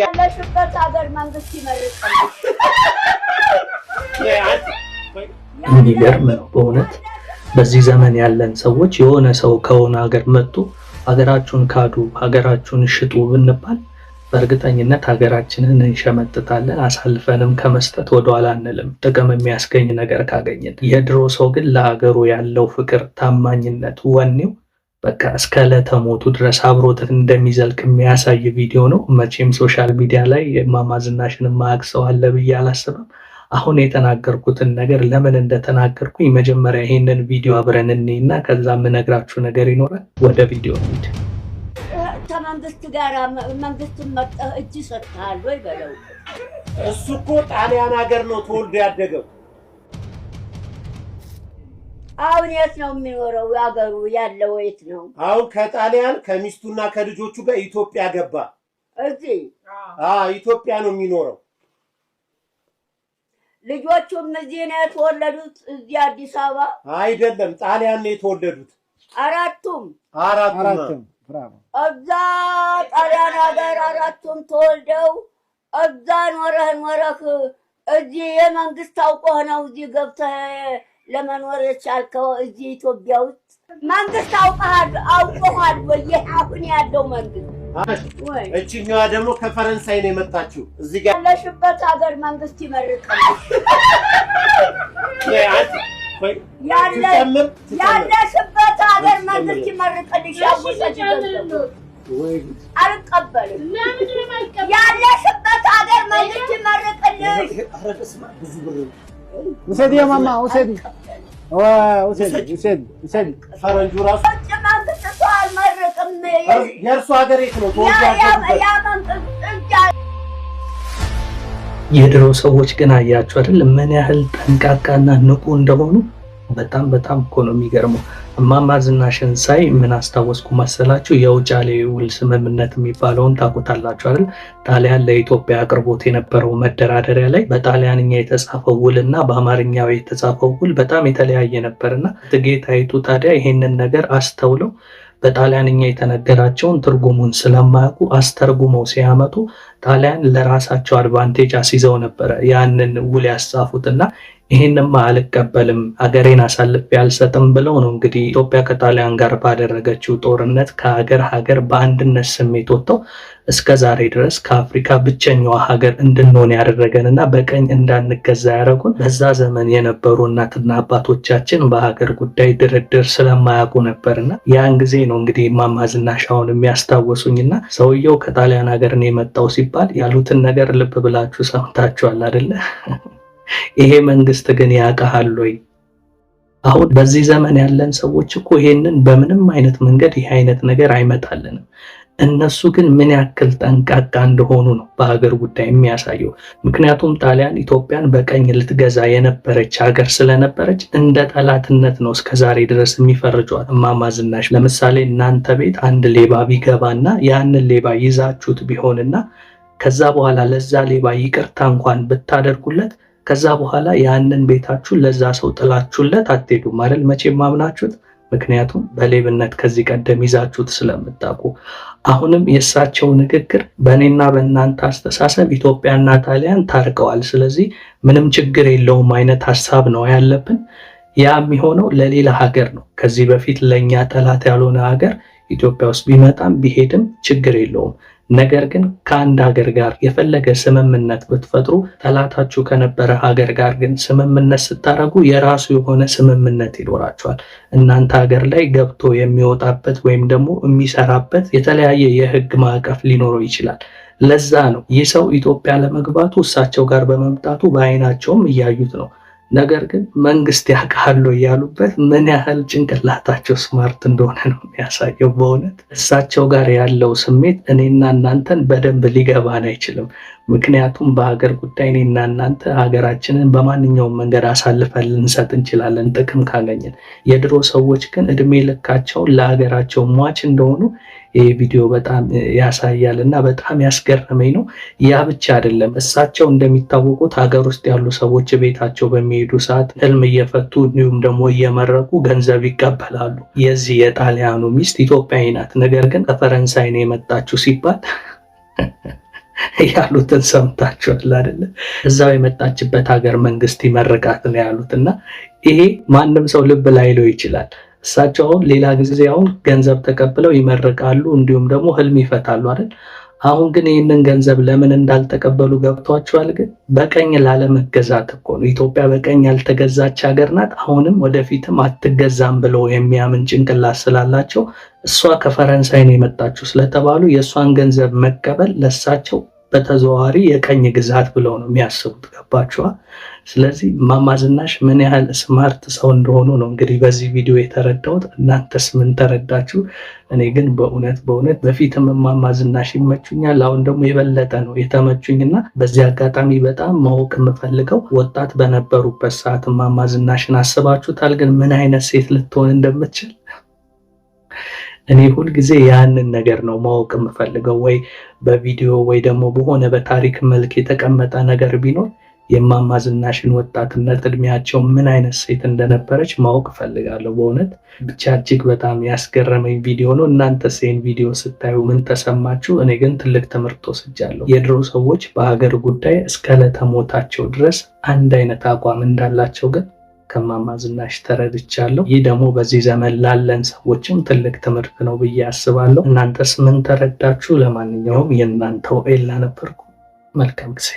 ያለሽበት ሀገር መንግስት ይመርጣል። የሚገርም ነው በእውነት በዚህ ዘመን ያለን ሰዎች የሆነ ሰው ከሆነ ሀገር መጡ ሀገራችሁን ካዱ፣ ሀገራችሁን ሽጡ ብንባል በእርግጠኝነት ሀገራችንን እንሸመጥታለን። አሳልፈንም ከመስጠት ወደኋላ አንልም፣ ጥቅም የሚያስገኝ ነገር ካገኘን። የድሮ ሰው ግን ለሀገሩ ያለው ፍቅር፣ ታማኝነት፣ ወኔው በቃ እስከ ለተሞቱ ድረስ አብሮት እንደሚዘልቅ የሚያሳይ ቪዲዮ ነው። መቼም ሶሻል ሚዲያ ላይ እማማ ዝናሽን የማያውቅ ሰው አለ ብዬ አላስብም። አሁን የተናገርኩትን ነገር ለምን እንደተናገርኩኝ መጀመሪያ ይሄንን ቪዲዮ አብረን እኔ እና ከዛ የምነግራችሁ ነገር ይኖራል። ወደ ቪዲዮ ሂድ። ከመንግስት ጋር መንግስትን መጠ እጅ ሰጥሃል ወይ በለው። እሱ እኮ ጣሊያን ሀገር ነው ተወልዶ ያደገው አሁን የት ነው የሚኖረው? አገሩ ያለው የት ነው? አሁን ከጣሊያን ከሚስቱና ከልጆቹ ጋር ኢትዮጵያ ገባ። እዚህ ኢትዮጵያ ነው የሚኖረው። ልጆቹም እዚህ ነው የተወለዱት? እዚህ አዲስ አበባ አይደለም፣ ጣሊያን ነው የተወለዱት። አራቱም አራቱም እዛ ጣሊያን ሀገር አራቱም ተወልደው እዛ ኖረህ ኖረህ እዚህ የመንግስት አውቆህ ነው እዚህ ገብተህ ለመኖር የቻልከው እዚህ ኢትዮጵያ ውስጥ መንግስት አውቀሃል አውቀሃል ወይ? አሁን ያለው መንግስት እችኛዋ ደግሞ ከፈረንሳይ ነው የመጣችው። እዚህ ጋር ያለሽበት ሀገር መንግስት ይመርቃል። ያለሽበት ሀገር መንግስት ይመርቅልሽ። ያለሽበት ሀገር መንግስት ይመርቅልሽ። ውሰድ፣ የማማ ውሰድ፣ ውሰድ፣ ውሰድ። ፈረንጁ ራሱ የእርሱ ሀገር የት ነው? የድሮ ሰዎች ግን አያችሁ አይደል ምን ያህል ጠንቃቃና ንቁ እንደሆኑ። በጣም በጣም እኮ ነው የሚገርመው። እማማ ዝናሽን ሳይ ምን አስታወስኩ መሰላችሁ? የውጫሌ ውል ስምምነት የሚባለውን ታውቁታላችሁ አይደል? ጣሊያን ለኢትዮጵያ አቅርቦት የነበረው መደራደሪያ ላይ በጣሊያንኛ የተጻፈው ውል እና በአማርኛው የተጻፈው ውል በጣም የተለያየ ነበር እና እቴጌ ጣይቱ ታዲያ ይሄንን ነገር አስተውለው በጣሊያንኛ የተነገራቸውን ትርጉሙን ስለማያውቁ አስተርጉመው ሲያመጡ ጣሊያን ለራሳቸው አድቫንቴጅ አስይዘው ነበረ ያንን ውል ያስጻፉት እና ይህንማ አልቀበልም ሀገሬን አሳልፌ አልሰጥም ብለው ነው እንግዲህ ኢትዮጵያ ከጣሊያን ጋር ባደረገችው ጦርነት ከሀገር ሀገር በአንድነት ስሜት ወጥተው እስከ ዛሬ ድረስ ከአፍሪካ ብቸኛዋ ሀገር እንድንሆን ያደረገን እና በቀኝ እንዳንገዛ ያደረጉን በዛ ዘመን የነበሩ እናትና አባቶቻችን በሀገር ጉዳይ ድርድር ስለማያውቁ ነበር እና ያን ጊዜ ነው እንግዲህ እማማ ዝናሽ አሁን የሚያስታወሱኝ እና ሰውየው ከጣሊያን ሀገር ነው የመጣው ሲባል ያሉትን ነገር ልብ ብላችሁ ሰምታችኋል አደለ? ይሄ መንግስት ግን ያውቃሃል ወይ? አሁን በዚህ ዘመን ያለን ሰዎች እኮ ይሄንን በምንም አይነት መንገድ ይሄ አይነት ነገር አይመጣልንም። እነሱ ግን ምን ያክል ጠንቃቃ እንደሆኑ ነው በሀገር ጉዳይ የሚያሳየው። ምክንያቱም ጣሊያን ኢትዮጵያን በቀኝ ልትገዛ የነበረች ሀገር ስለነበረች እንደ ጠላትነት ነው እስከ ዛሬ ድረስ የሚፈርጇት። እማማ ዝናሽ ለምሳሌ እናንተ ቤት አንድ ሌባ ቢገባና ያንን ሌባ ይዛችሁት ቢሆንና ከዛ በኋላ ለዛ ሌባ ይቅርታ እንኳን ብታደርጉለት ከዛ በኋላ ያንን ቤታችሁ ለዛ ሰው ጥላችሁለት አትሄዱም አይደል? መቼም ማምናችሁት። ምክንያቱም በሌብነት ከዚህ ቀደም ይዛችሁት ስለምታውቁ። አሁንም የእሳቸው ንግግር በእኔና በእናንተ አስተሳሰብ ኢትዮጵያና ጣሊያን ታርቀዋል፣ ስለዚህ ምንም ችግር የለውም አይነት ሀሳብ ነው ያለብን። ያ የሚሆነው ለሌላ ሀገር ነው። ከዚህ በፊት ለእኛ ጠላት ያልሆነ ሀገር ኢትዮጵያ ውስጥ ቢመጣም ቢሄድም ችግር የለውም። ነገር ግን ከአንድ ሀገር ጋር የፈለገ ስምምነት ብትፈጥሩ ጠላታችሁ ከነበረ ሀገር ጋር ግን ስምምነት ስታደርጉ የራሱ የሆነ ስምምነት ይኖራቸዋል። እናንተ ሀገር ላይ ገብቶ የሚወጣበት ወይም ደግሞ የሚሰራበት የተለያየ የህግ ማዕቀፍ ሊኖረው ይችላል። ለዛ ነው ይህ ሰው ኢትዮጵያ ለመግባቱ እሳቸው ጋር በመምጣቱ በአይናቸውም እያዩት ነው። ነገር ግን መንግስት ያውቃሉ እያሉበት ምን ያህል ጭንቅላታቸው ስማርት እንደሆነ ነው የሚያሳየው። በእውነት እሳቸው ጋር ያለው ስሜት እኔና እናንተን በደንብ ሊገባን አይችልም። ምክንያቱም በሀገር ጉዳይ እኔና እናንተ ሀገራችንን በማንኛውም መንገድ አሳልፈን ልንሰጥ እንችላለን ጥቅም ካገኘን። የድሮ ሰዎች ግን እድሜ ልካቸውን ለሀገራቸው ሟች እንደሆኑ ይህ ቪዲዮ በጣም ያሳያል እና በጣም ያስገረመኝ ነው። ያ ብቻ አይደለም። እሳቸው እንደሚታወቁት ሀገር ውስጥ ያሉ ሰዎች ቤታቸው በሚሄዱ ሰዓት ህልም እየፈቱ እንዲሁም ደግሞ እየመረቁ ገንዘብ ይቀበላሉ። የዚህ የጣሊያኑ ሚስት ኢትዮጵያዊ ናት፣ ነገር ግን ከፈረንሳይ ነው የመጣችው ሲባል ያሉትን ሰምታችኋል አይደለ? እዛው የመጣችበት ሀገር መንግስት ይመርቃት ነው ያሉት እና ይሄ ማንም ሰው ልብ ላይለው ይችላል። እሳቸው አሁን ሌላ ጊዜ አሁን ገንዘብ ተቀብለው ይመርቃሉ፣ እንዲሁም ደግሞ ህልም ይፈታሉ አይደል? አሁን ግን ይህንን ገንዘብ ለምን እንዳልተቀበሉ ገብቷቸዋል። ግን በቀኝ ላለመገዛት እኮ ነው። ኢትዮጵያ በቀኝ ያልተገዛች ሀገር ናት፣ አሁንም ወደፊትም አትገዛም ብሎ የሚያምን ጭንቅላት ስላላቸው እሷ ከፈረንሳይ ነው የመጣችው ስለተባሉ የእሷን ገንዘብ መቀበል ለእሳቸው በተዘዋዋሪ የቀኝ ግዛት ብለው ነው የሚያስቡት። ገባችኋ? ስለዚህ ማማዝናሽ ምን ያህል ስማርት ሰው እንደሆኑ ነው እንግዲህ በዚህ ቪዲዮ የተረዳሁት። እናንተስ ምን ተረዳችሁ? እኔ ግን በእውነት በእውነት በፊትም ማማዝናሽ ይመቹኛል፣ አሁን ደግሞ የበለጠ ነው እና በዚህ አጋጣሚ በጣም ማወቅ የምፈልገው ወጣት በነበሩበት ሰዓት ማማዝናሽን አስባችሁታል? ግን ምን አይነት ሴት ልትሆን እንደምትችል እኔ ሁልጊዜ ያንን ነገር ነው ማወቅ የምፈልገው። ወይ በቪዲዮ ወይ ደግሞ በሆነ በታሪክ መልክ የተቀመጠ ነገር ቢኖር የማማዝናሽን ዝናሽን ወጣትነት እድሜያቸው ምን አይነት ሴት እንደነበረች ማወቅ እፈልጋለሁ። በእውነት ብቻ እጅግ በጣም ያስገረመኝ ቪዲዮ ነው። እናንተ ሴን ቪዲዮ ስታዩ ምን ተሰማችሁ? እኔ ግን ትልቅ ትምህርት ወስጃለሁ። የድሮ ሰዎች በሀገር ጉዳይ እስከ ድረስ አንድ አይነት አቋም እንዳላቸው ግን ከማማ ዝናሽ ተረድቻለሁ። ይህ ደግሞ በዚህ ዘመን ላለን ሰዎችም ትልቅ ትምህርት ነው ብዬ አስባለሁ። እናንተስ ምን ተረዳችሁ? ለማንኛውም የእናንተው ኤላ ነበርኩ። መልካም ጊዜ